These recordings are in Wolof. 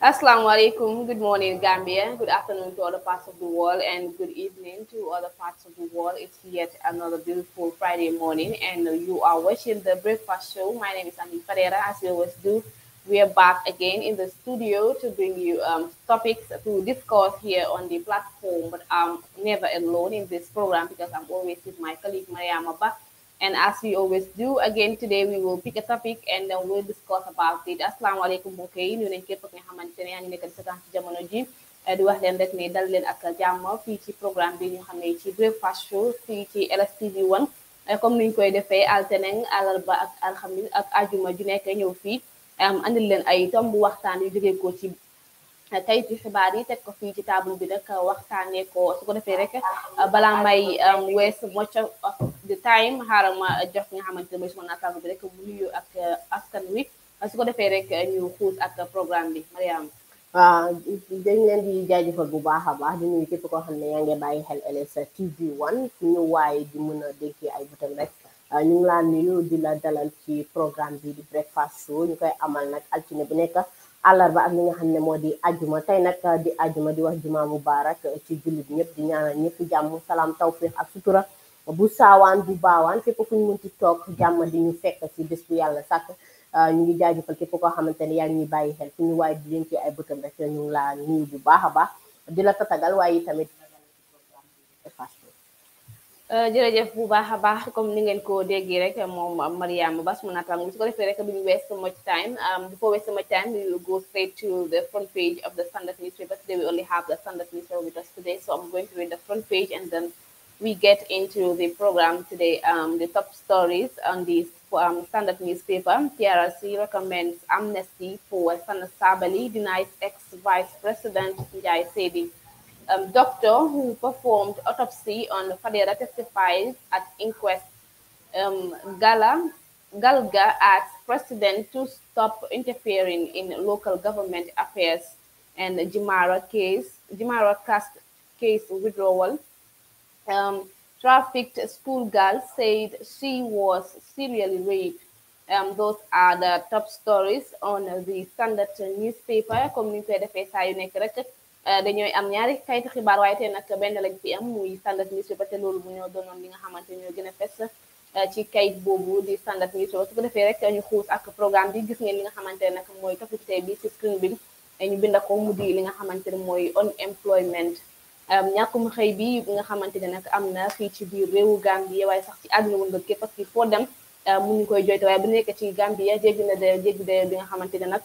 Assalamu alaikum. Good morning, Gambia. Good afternoon to other parts of the world, and good evening to other parts of the world. It's yet another beautiful Friday morning, and you are watching the breakfast show. My name is Andy Ferreira, as we always do. We are back again in the studio to bring you um, topics to discuss here on the platform, but I'm never alone in this program because I'm always with my colleague Mariama Ba And as we always do, again today we will pick a topic and then we'll discuss about it. asalaamaaleykum mbokk yi ñu leen képp nga xamante ne yaa ngi nekk di seetaan ci jamono ji eh, di wax leen rek ne dal leen ak jàmm fii ci programme bi ñu xam ne ci Breakfast Show fii ci LSTV 1 eh, comme niñ koy defee alterneng àllarba ak alxamis ak ajuma ju nekk ñëw fii andi leen ay tomb waxtaan yu jógee ko ci. tey ci xibaar yi teg ko fii ci taabul bi nag waxtaanee ko su ko defee rek balaa may um, wees much of the time xaaral ma jox nga xamante ne mooy suma naataango bi rek bu nuyu ak uh, askan wi su ko defee rek uh, ñu xuus ak programme bi Mariam. waaw ah, dañ leen di jaajëfal bu baax a baax di nuyu koo xam ne yaa ngi bàyyi xel LS TV one ñu waaye di mën a déggee ay bëtam rek. Ah, ñu ngi laa nuyu di dalal ci programme bi di breakfast show ñu koy amal nag altine bu nekk. àllarba am li nga xam ne moo di ajuma tey nag uh, di ajuma di wax juma mubarak uh, ci jullit ñëpp di ñaanal ñëpp jàmm salaam tawfiq ak sutura bu saawaan bu baawaan fépp fu ñu mënti toog jàmm di ñu fekk ci bés bu yàlla sàkk uh, ñu ngi jaajëfal képp koo xamante ne yaa ngi bàyyi xel fu ñu waaye di leen ci ay bëtam rek ñu ngi laa nuyu bu baax a baax di la tatagal waaye tamit Eh, jërëjëf bu baax a baax comme ni ngeen ko déggee rek moom Mariama Bass mu naataango su ko defee rek duñu waste much time um, before wasting much time we will go straight to the front page of the standard newspaper today we only have the standard newspaper with us today so I'm going to read the front page and then we get into the program today um, the top stories on the um, standard newspaper TRC recommends amnesty for Sana Sabali denies ex-vice president Njai Sebi um, doctor who performed autopsy on Fadera testified at inquest um, Gala, Galga asked President to stop interfering in local government affairs and Jimara case, Jimara cast case withdrawal. Um, trafficked schoolgirl said she was serially raped. Um, those are the top stories on the Standard newspaper. Community affairs. Fessa Eh, dañooy am ñaari kayitu xibaar waaye tey nag benn lañ fi am muy Standard newspaper te loolu mu ñoo doonoon li nga xamante ñoo gën a fes eh, ci kayit boobu di Standard newspaper su ko defee rek ñu xuus ak programme bi gis ngeen li nga xamante nag mooy topic tey bi ci screen bi eh, ñu binda ko mu di li nga xamante ne mooy unemployment ñàkkum xëy bi nga xamante ne nag am na fii ci biir réewu Gambie waaye sax ci àdduna woon nga képp ak foo dem mun ñu koy joyte waaye bu nekk ci Gambie jéggi na dayo jéggi dayo bi nga xamante ne nag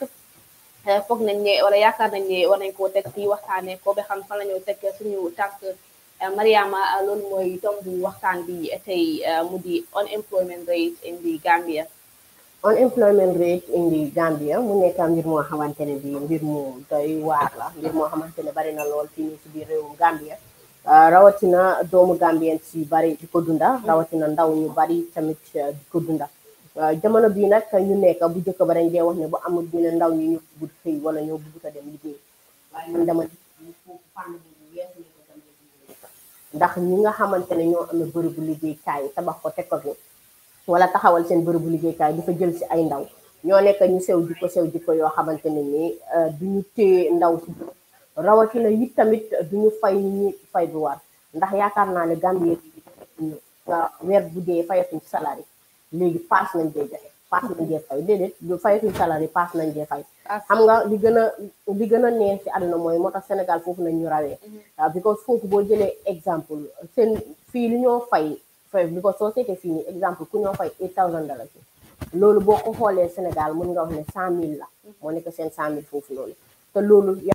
Euh, foog nañ wala yaakaar nañ ne war nañ koo teg fii waxtaanee ko ba xam fan la ñu teg suñu tànk euh, Mariama euh, loolu mooy tombu waxtaan bi tey mu di unemployment rate in the Gambia. unemployment rate in the Gambia mu nekk mbir moo xamante ne bi mbir mu doy waar la mbir moo xamante ne bari na lool fii nii si biir réewum Gambia. rawatina doomu Gambien si bari di ko dunda rawatina ndaw ñu bari tamit di ko dunda. jamono bii nag ñu nekk bu njëkk ba dañ dee wax ne bu amul ñu ne ndaw ñi ñu bugg xëy wala ñoo bugg a dem liggéey waaye ñi nga xamante ne ñoo amee bërëbu liggéeykaay tabax ko teg ko fi wala taxawal seen bërëbu liggéeykaay di fa jël si ay ndaw ñoo nekk ñu sew jikko sew jikko yoo xamante ne ni euh, duñu téye ndaw si rawatina it tamit duñu fay ñu fay bu war ndax yaakaar naa ne Gambie weer bu dee fayatuñ ci salaire léegi paas nañ koy joxe paas nañ koy fay déedéet du fayatuñ salari paas nañ koy fay. Ah, xam nga li gën a li gën a neex ci àdduna mooy moo tax Sénégal foofu nañ ñu rawee. Mhm. Ah, because foofu boo jëlee exemple seen fii li ñoo fay fay because soo seetee fii nii exemple ku ñoo fay eight thousand dollars loolu boo ko xoolee Sénégal mën nga wax ne cent mille la mhm. moo nekk seen cent mille foofu loolu te loolu.